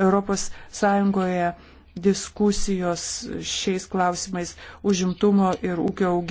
ES diskusijos šiais klausimais užimtumo ir ūkio augimo.